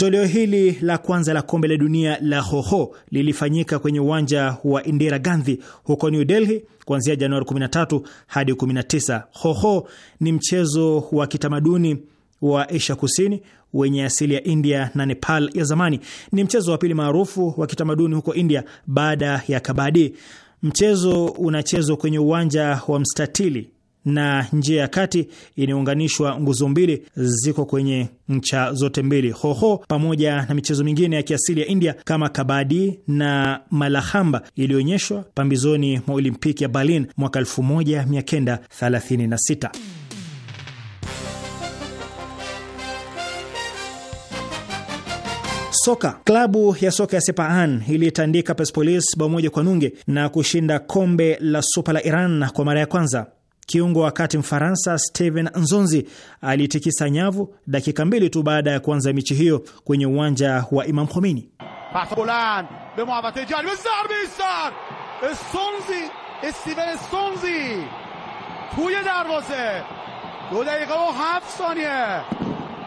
Toleo hili la kwanza la kombe la dunia la hoho lilifanyika kwenye uwanja wa Indira Gandhi huko New Delhi kuanzia Januari 13 hadi 19. Hoho ni mchezo wa kitamaduni wa Asia Kusini wenye asili ya India na Nepal ya zamani. Ni mchezo wa pili maarufu wa kitamaduni huko India baada ya kabadi. Mchezo unachezwa kwenye uwanja wa mstatili na njia ya kati inayounganishwa nguzo mbili ziko kwenye ncha zote mbili. Hoho pamoja na michezo mingine ya kiasili ya India kama kabadi na malahamba iliyoonyeshwa pambizoni mwa Olimpiki ya Berlin mwaka 1936. Soka. Klabu ya soka ya Sepahan ilitandika Persepolis bao moja kwa nunge na kushinda kombe la supa la Iran kwa mara ya kwanza. که اونگو وکات این فرانسا ستیفن انزونزی علی تکی سنیابو دکی تو بعد اکوانزا میچهیو وانجا و ایمان خمینی پرتابولن به استونزی دروازه دو دقیقه و هفت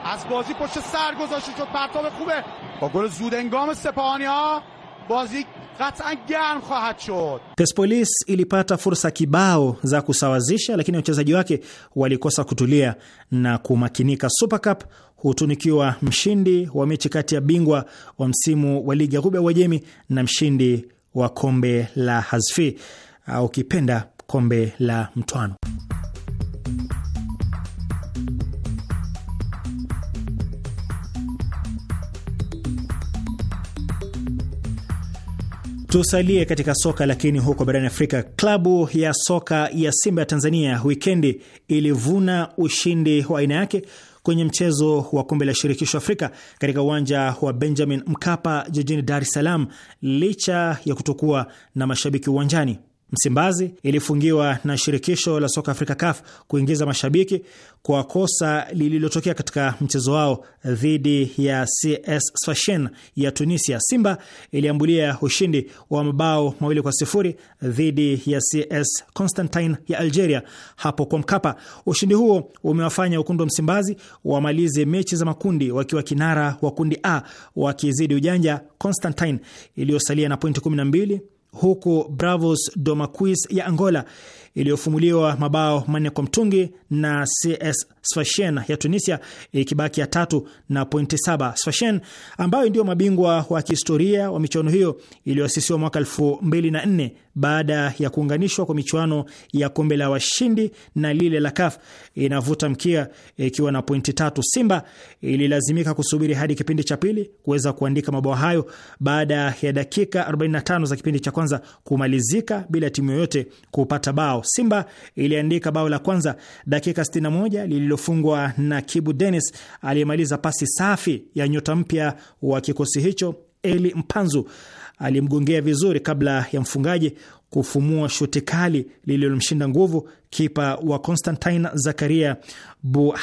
از بازی پشت سر گذاشت شد پرتابه خوبه با گل زود انگام سپانیا بازی Persepolis ilipata fursa kibao za kusawazisha, lakini wachezaji wake walikosa kutulia na kumakinika. Super Cup hutunikiwa mshindi wa mechi kati ya bingwa wa msimu wa ligi ya Ghuba ya Uajemi na mshindi wa kombe la Hazfi au kombe la mtwano. Tusalie katika soka lakini huko barani Afrika, klabu ya soka ya Simba ya Tanzania wikendi ilivuna ushindi wa aina yake kwenye mchezo wa kombe la shirikisho Afrika katika uwanja wa Benjamin Mkapa jijini Dar es Salaam licha ya kutokuwa na mashabiki uwanjani. Msimbazi ilifungiwa na shirikisho la soka Afrika CAF kuingiza mashabiki kwa kosa lililotokea katika mchezo wao dhidi ya CS Sfaxien ya Tunisia. Simba iliambulia ushindi wa mabao mawili kwa sifuri dhidi ya CS Constantine ya Algeria hapo kwa Mkapa. Ushindi huo umewafanya wekundu wa Msimbazi wamalize mechi za makundi wakiwa kinara wa kundi A wakizidi ujanja Constantine iliyosalia na pointi 12 huku Bravos Domaquis ya Angola iliyofumuliwa mabao manne kwa mtungi na CS Sfaxien ya Tunisia e, ikibaki ya tatu na pointi saba. Sfaxien ambayo ndio mabingwa wa kihistoria wa michuano hiyo iliyoasisiwa mwaka mbili na nne baada ya kuunganishwa kwa michuano ya kombe la washindi na lile la CAF inavuta mkia e, ikiwa na pointi tatu. Simba e, ililazimika kusubiri hadi kipindi cha pili kuweza kuandika mabao hayo baada ya dakika 45 za kipindi cha kwanza kumalizika bila timu yoyote kupata bao. Simba iliandika bao la kwanza dakika 61 lililo lililofungwa na Kibu Dennis aliyemaliza pasi safi ya nyota mpya wa kikosi hicho Eli Mpanzu alimgongea vizuri kabla ya mfungaji kufumua shuti kali lililomshinda nguvu kipa wa Constantine Zakaria Bu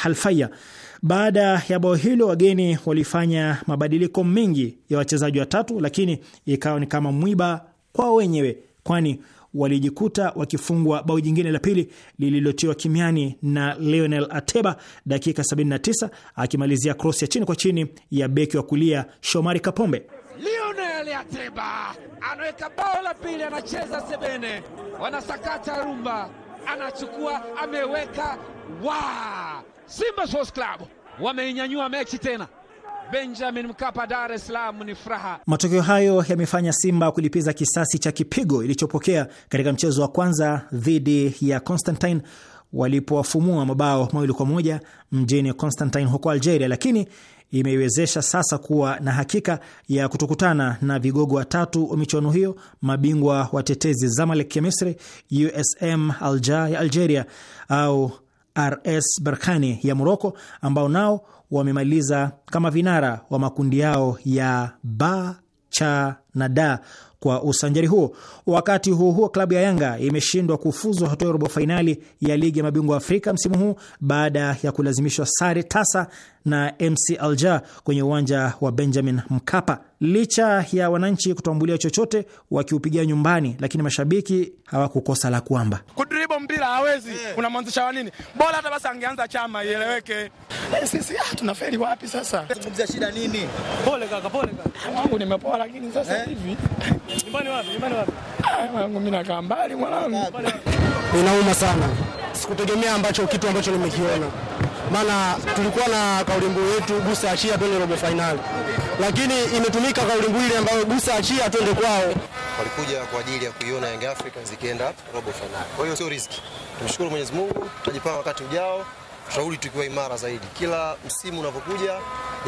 Baada ya bao hilo, wageni walifanya mabadiliko mengi ya wachezaji watatu, lakini ikawa ni kama mwiba kwao wenyewe, kwani walijikuta wakifungwa bao jingine la pili lililotiwa kimiani na Lionel Ateba dakika 79 akimalizia cross ya chini kwa chini ya beki wa kulia Shomari Kapombe. Lionel Ateba anaweka bao la pili, anacheza sebene, wanasakata rumba, anachukua ameweka. Wa Simba Sports Club wameinyanyua mechi tena. Benjamin Mkapa, Dar es Salaam ni furaha. Matokeo hayo yamefanya Simba kulipiza kisasi cha kipigo ilichopokea katika mchezo wa kwanza dhidi ya Constantine walipowafumua mabao mawili kwa moja mjini Constantine huko Algeria, lakini imeiwezesha sasa kuwa na hakika ya kutokutana na vigogo watatu wa michuano hiyo, mabingwa watetezi Zamalek ya Misri, USM Alja ya Algeria au RS Berkane ya Moroko, ambao nao wamemaliza kama vinara wa makundi yao ya ba cha na da kwa usanjari huo. Wakati huo huo, klabu ya Yanga imeshindwa kufuzwa hatua ya robo fainali ya ligi ya mabingwa Afrika msimu huu baada ya kulazimishwa sare tasa na MC Alger kwenye uwanja wa Benjamin Mkapa. Licha ya wananchi kutambulia chochote wakiupigia nyumbani, lakini mashabiki hawakukosa la kwamba kudribo mpira hawezi, eh. unamwanzisha wa nini? Bora hata basi angeanza chama ieleweke sisi ah, tunafeli wapi sasa? Kuzungumzia shida nini? Pole kaka, pole kaka. Ah, Wangu nimepoa lakini sasa eh? hivi. Nyumbani wapi? Nyumbani wapi? Ah, Wangu mimi nakaa mbali mwanangu. Ninauma sana. Sikutegemea ambacho kitu ambacho nimekiona. Maana tulikuwa na kauli mbiu yetu Gusa achia twende robo finali. Lakini imetumika kauli mbiu ile ambayo Gusa achia twende kwao. Walikuja kwa ajili ya kuiona Young Africans zikienda robo finali. Kwa hiyo sio riski. Tumshukuru Mwenyezi Mungu, tutajipanga wakati ujao tutarudi tukiwa imara zaidi. Kila msimu unapokuja,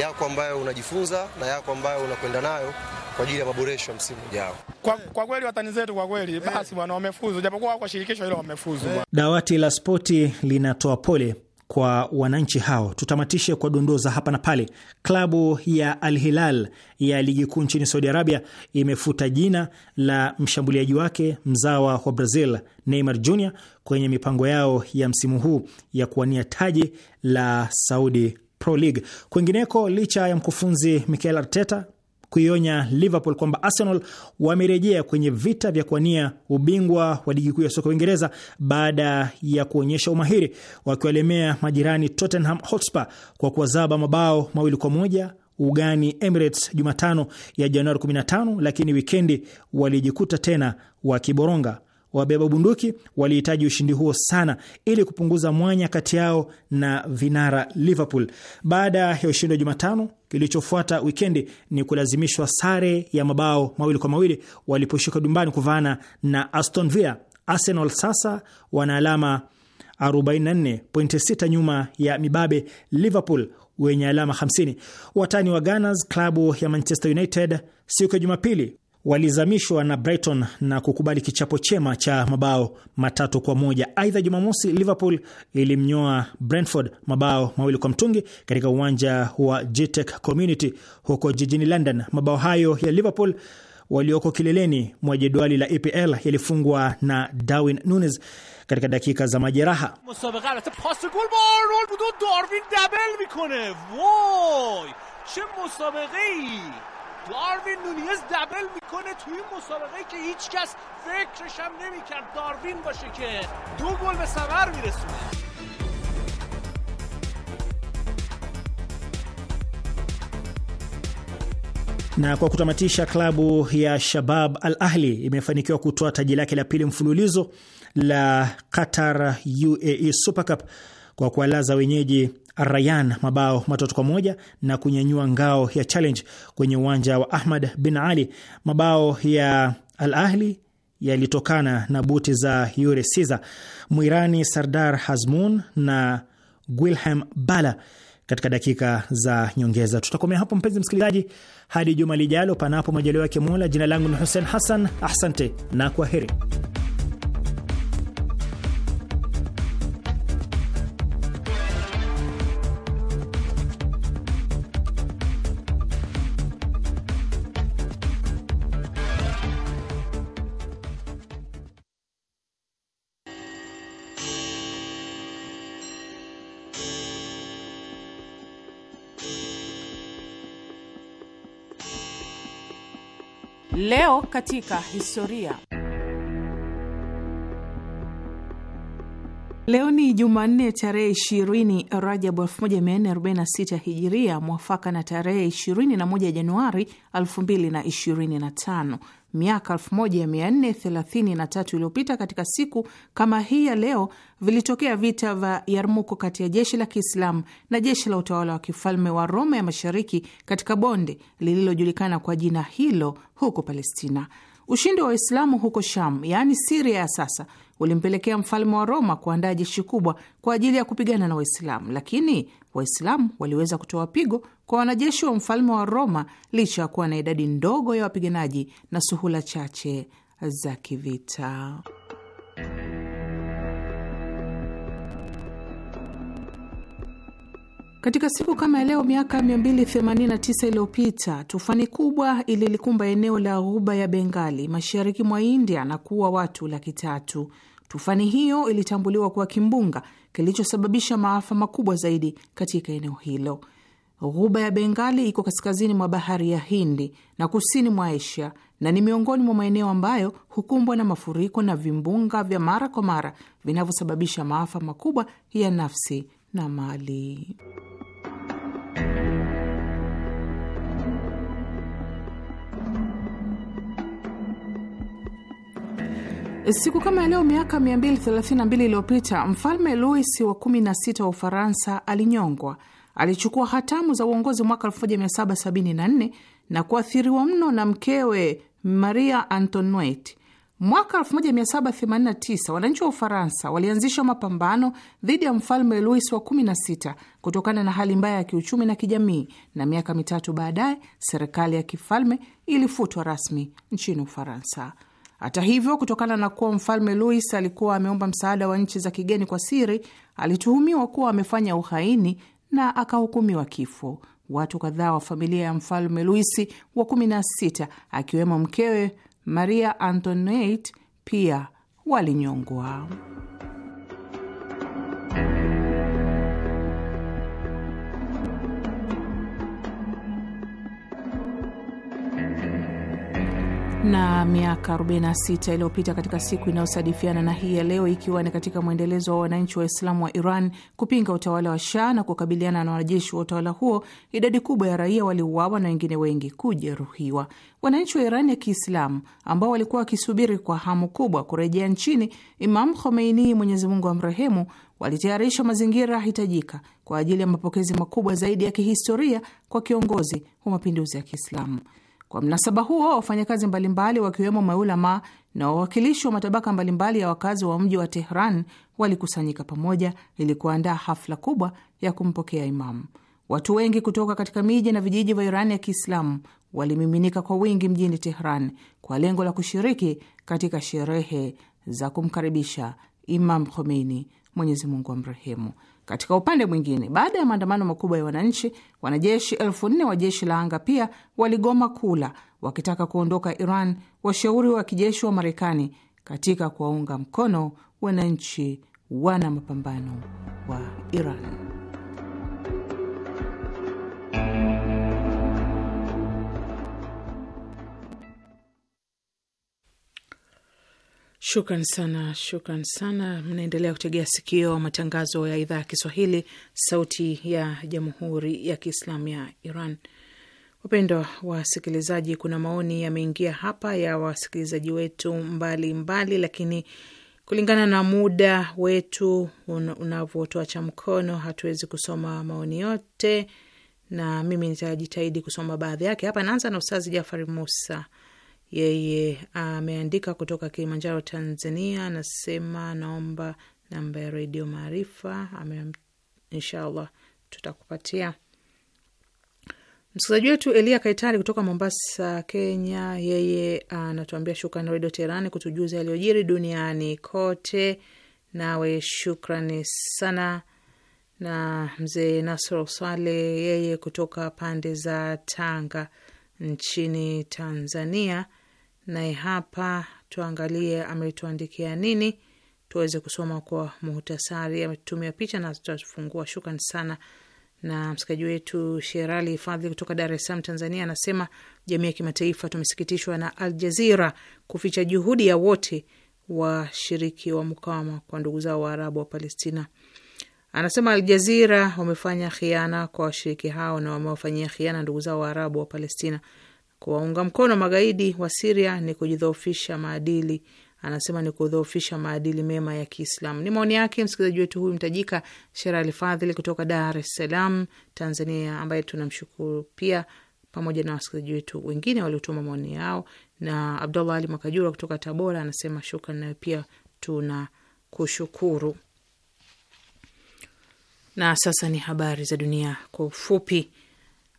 yako ambayo unajifunza na yako ambayo unakwenda nayo kwa ajili ya maboresho ya msimu ujao. Kwa, kwa kweli watani zetu kwa kweli eh. basi bwana wamefuzu, japokuwa wako shirikisho hilo wamefuzu. Eh. Dawati la spoti linatoa pole kwa wananchi hao. Tutamatishe kwa dondoo za hapa na pale. Klabu ya Al Hilal ya ligi kuu nchini Saudi Arabia imefuta jina la mshambuliaji wake mzawa wa Brazil Neymar Jr kwenye mipango yao ya msimu huu ya kuwania taji la Saudi Pro League. Kwingineko, licha ya mkufunzi Mikel Arteta kuionya Liverpool kwamba Arsenal wamerejea kwenye vita vya kuwania ubingwa wa ligi kuu ya soka Uingereza baada ya kuonyesha umahiri wakiwalemea majirani Tottenham Hotspur kwa kuwazaba mabao mawili kwa moja ugani Emirates Jumatano ya Januari 15, lakini wikendi walijikuta tena wakiboronga. Wabeba bunduki walihitaji ushindi huo sana ili kupunguza mwanya kati yao na vinara Liverpool. Baada ya ushindi wa Jumatano, kilichofuata wikendi ni kulazimishwa sare ya mabao mawili kwa mawili waliposhuka dumbani kuvaana na Aston Villa. Arsenal sasa wana alama 446 nyuma ya mibabe Liverpool wenye alama 50. Watani wa Gunners klabu ya Manchester United siku ya Jumapili walizamishwa na Brighton na kukubali kichapo chema cha mabao matatu kwa moja. Aidha, Jumamosi Liverpool ilimnyoa Brentford mabao mawili kwa mtungi katika uwanja wa Jitech Community huko jijini London. Mabao hayo ya Liverpool walioko kileleni mwa jedwali la EPL yalifungwa na Darwin Nunes katika dakika za majeraha. داروین نونیز دبل میکنه توی این مسابقه که هیچ کس فکرش هم نمیکرد داروین باشه که دو گل به ثمر میرسونه Na kwa kutamatisha, klabu ya Shabab Al Ahli imefanikiwa kutoa taji lake la pili mfululizo la Qatar UAE Super Cup kwa kualaza wenyeji Rayan mabao matatu kwa moja na kunyanyua ngao ya Challenge kwenye uwanja wa Ahmad bin Ali. Mabao ya Al Ahli yalitokana na buti za Yure Siza, Mwirani Sardar Hazmun na Gwilham Bala katika dakika za nyongeza. Tutakomea hapo mpenzi msikilizaji, hadi juma lijalo, panapo majaliwa yake Mola. Jina langu ni Hussein Hassan, asante na kwaheri. Leo katika historia. Leo ni Jumanne tarehe 20 Rajabu 1446 Hijiria, mwafaka na tarehe 21 Januari 2025 miaka 1433 iliyopita katika siku kama hii ya leo vilitokea vita vya Yarmuko kati ya jeshi la Kiislamu na jeshi la utawala wa kifalme wa Roma ya Mashariki katika bonde lililojulikana kwa jina hilo huko Palestina. Ushindi wa Waislamu huko Sham, yaani Siria ya sasa, ulimpelekea mfalme wa Roma kuandaa jeshi kubwa kwa ajili ya kupigana na Waislamu, lakini Waislamu waliweza kutoa pigo kwa wanajeshi wa mfalme wa Roma licha ya kuwa na idadi ndogo ya wapiganaji na suhula chache za kivita. Katika siku kama leo miaka 289 iliyopita tufani kubwa ililikumba eneo la ghuba ya Bengali mashariki mwa India na kuua watu laki tatu. Tufani hiyo ilitambuliwa kuwa kimbunga kilichosababisha maafa makubwa zaidi katika eneo hilo. Ghuba ya Bengali iko kaskazini mwa bahari ya Hindi na kusini mwa Asia na ni miongoni mwa maeneo ambayo hukumbwa na mafuriko na vimbunga vya mara kwa mara vinavyosababisha maafa makubwa ya nafsi na mali. Siku kama leo miaka 232 iliyopita mfalme Louis wa 16 wa Ufaransa alinyongwa. Alichukua hatamu za uongozi mwaka 1774 na kuathiriwa mno na mkewe Maria Antoinette. Mwaka 1789 wananchi wa Ufaransa walianzisha mapambano dhidi ya mfalme Louis wa 16 kutokana na hali mbaya ya kiuchumi na kijamii, na miaka mitatu baadaye serikali ya kifalme ilifutwa rasmi nchini Ufaransa. Hata hivyo, kutokana na kuwa mfalme Louis alikuwa ameomba msaada wa nchi za kigeni kwa siri, alituhumiwa kuwa amefanya uhaini na akahukumiwa kifo. Watu kadhaa wa familia ya mfalme Louis wa sita akiwemo mkewe Maria Antoinette pia walinyongwa. na miaka 46 iliyopita katika siku inayosadifiana na hii ya leo, ikiwa ni katika mwendelezo wa wananchi Waislamu wa Iran kupinga utawala wa Shah na kukabiliana na wanajeshi wa utawala huo, idadi kubwa ya raia waliuawa na wengine wengi kujeruhiwa. Wananchi wa Iran ya Kiislamu ambao walikuwa wakisubiri kwa hamu kubwa kurejea nchini Imam Khomeini, Mwenyezi Mungu amrehemu, walitayarisha mazingira hitajika kwa ajili ya mapokezi makubwa zaidi ya kihistoria kwa kiongozi wa mapinduzi ya Kiislamu. Kwa mnasaba huo, wafanyakazi mbalimbali wakiwemo maulama na wawakilishi wa matabaka mbalimbali ya wakazi wa mji wa Tehran walikusanyika pamoja ili kuandaa hafla kubwa ya kumpokea Imamu. Watu wengi kutoka katika miji na vijiji vya Irani ya Kiislamu walimiminika kwa wingi mjini Tehran kwa lengo la kushiriki katika sherehe za kumkaribisha Imam Khomeini, Mwenyezi Mungu amrehemu. Katika upande mwingine, baada ya maandamano makubwa ya wananchi, wanajeshi elfu nne wa jeshi la anga pia waligoma kula, wakitaka kuondoka Iran washauri wa kijeshi wa Marekani katika kuwaunga mkono wananchi wana mapambano wa Iran. Shukran sana, shukran sana. Mnaendelea kutegea sikio matangazo ya idhaa ya Kiswahili, sauti ya jamhuri ya kiislamu ya Iran. Wapendwa wasikilizaji, kuna maoni yameingia hapa ya wasikilizaji wetu mbalimbali mbali, lakini kulingana na muda wetu unavyotuacha mkono, hatuwezi kusoma maoni yote, na mimi nitajitahidi kusoma baadhi yake hapa. Naanza na Ustazi Jafari Musa yeye ah, ameandika kutoka Kilimanjaro, Tanzania. Anasema naomba namba ya Redio Maarifa. Inshallah tutakupatia. Msikilizaji wetu Elia Kaitari kutoka Mombasa, Kenya, yeye ah, anatuambia shukrani Redio Teherani kutujuza yaliyojiri duniani kote. Nawe shukrani sana. Na mzee Nasr Swale yeye kutoka pande za Tanga nchini Tanzania, Naye hapa tuangalie ametuandikia nini tuweze kusoma kwa muhtasari. ametumia picha na tutafungua. Shukrani sana. Na msikaji wetu Sherali Fadhi kutoka Dar es Salaam, Tanzania, anasema jamii ya kimataifa, tumesikitishwa na Al Jazira kuficha juhudi ya wote washiriki wa mkawama kwa ndugu zao Arabu wa Palestina. Anasema Al Jazira wamefanya khiana kwa washiriki hao na wamewafanyia khiana ndugu zao Waarabu wa Palestina. Kuwaunga mkono magaidi wa Siria ni kujidhoofisha maadili, anasema ni kudhoofisha maadili mema ya Kiislamu. Ni maoni yake msikilizaji wetu huyu mtajika Sherali Fadhili kutoka Dar es Salaam, Tanzania, ambaye tunamshukuru pia pamoja na wasikilizaji wetu wengine waliotuma maoni yao. Na Abdullah Ali Mwakajura kutoka Tabora anasema shukran, nayo pia tuna kushukuru. Na sasa ni habari za dunia kwa ufupi.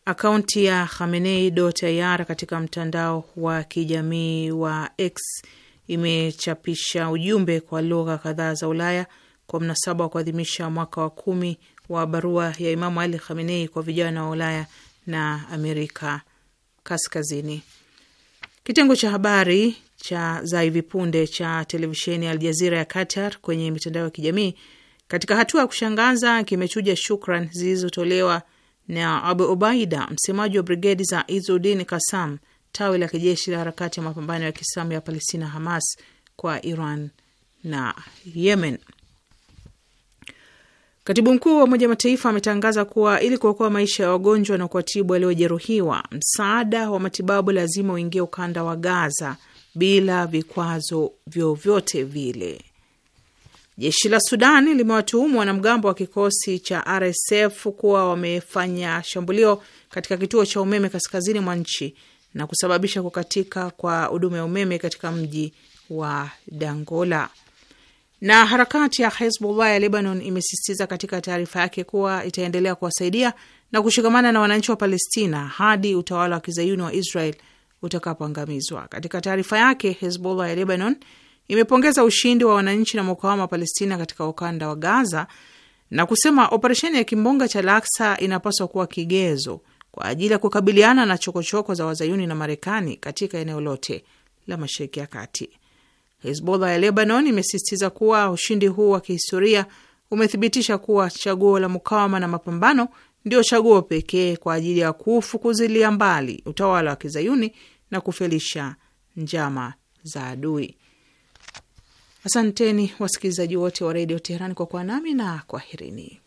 Akaunti ya Khamenei.ir katika mtandao wa kijamii wa X imechapisha ujumbe kwa lugha kadhaa za Ulaya kwa mnasaba wa kuadhimisha mwaka wa kumi wa barua ya Imamu Ali Khamenei kwa vijana wa Ulaya na Amerika Kaskazini. Kitengo cha habari cha za hivi punde cha televisheni ya Aljazira ya Qatar kwenye mitandao ya kijamii, katika hatua ya kushangaza, kimechuja shukran zilizotolewa na Abu Ubaida, msemaji wa brigedi za Izudin Kasam, tawi la kijeshi la harakati ya mapambano ya Kiislamu ya Palestina, Hamas, kwa Iran na Yemen. Katibu mkuu wa Umoja Mataifa ametangaza kuwa ili kuokoa maisha ya wagonjwa na kuwatibu waliojeruhiwa, msaada wa matibabu lazima uingie ukanda wa Gaza bila vikwazo vyovyote vile. Jeshi la Sudani limewatuhumu wanamgambo wa kikosi cha RSF kuwa wamefanya shambulio katika kituo cha umeme kaskazini mwa nchi na kusababisha kukatika kwa huduma ya umeme katika mji wa Dangola. Na harakati ya Hezbollah ya Lebanon imesisitiza katika taarifa yake kuwa itaendelea kuwasaidia na kushikamana na wananchi wa Palestina hadi utawala wa kizayuni wa Israel utakapoangamizwa. Katika taarifa yake, Hezbollah ya Lebanon imepongeza ushindi wa wananchi na mukawama wa Palestina katika ukanda wa Gaza na kusema operesheni ya kimbunga cha Laksa inapaswa kuwa kigezo kwa ajili ya kukabiliana na chokochoko choko za wazayuni na Marekani katika eneo lote la Mashariki ya Kati. Hezbollah ya Lebanon imesisitiza kuwa ushindi huu wa kihistoria umethibitisha kuwa chaguo la mukawama na mapambano ndio chaguo pekee kwa ajili ya kuufukuzilia mbali utawala wa kizayuni na kufelisha njama za adui. Asanteni wasikilizaji wote wa redio Teherani kwa kuwa nami na kwaherini.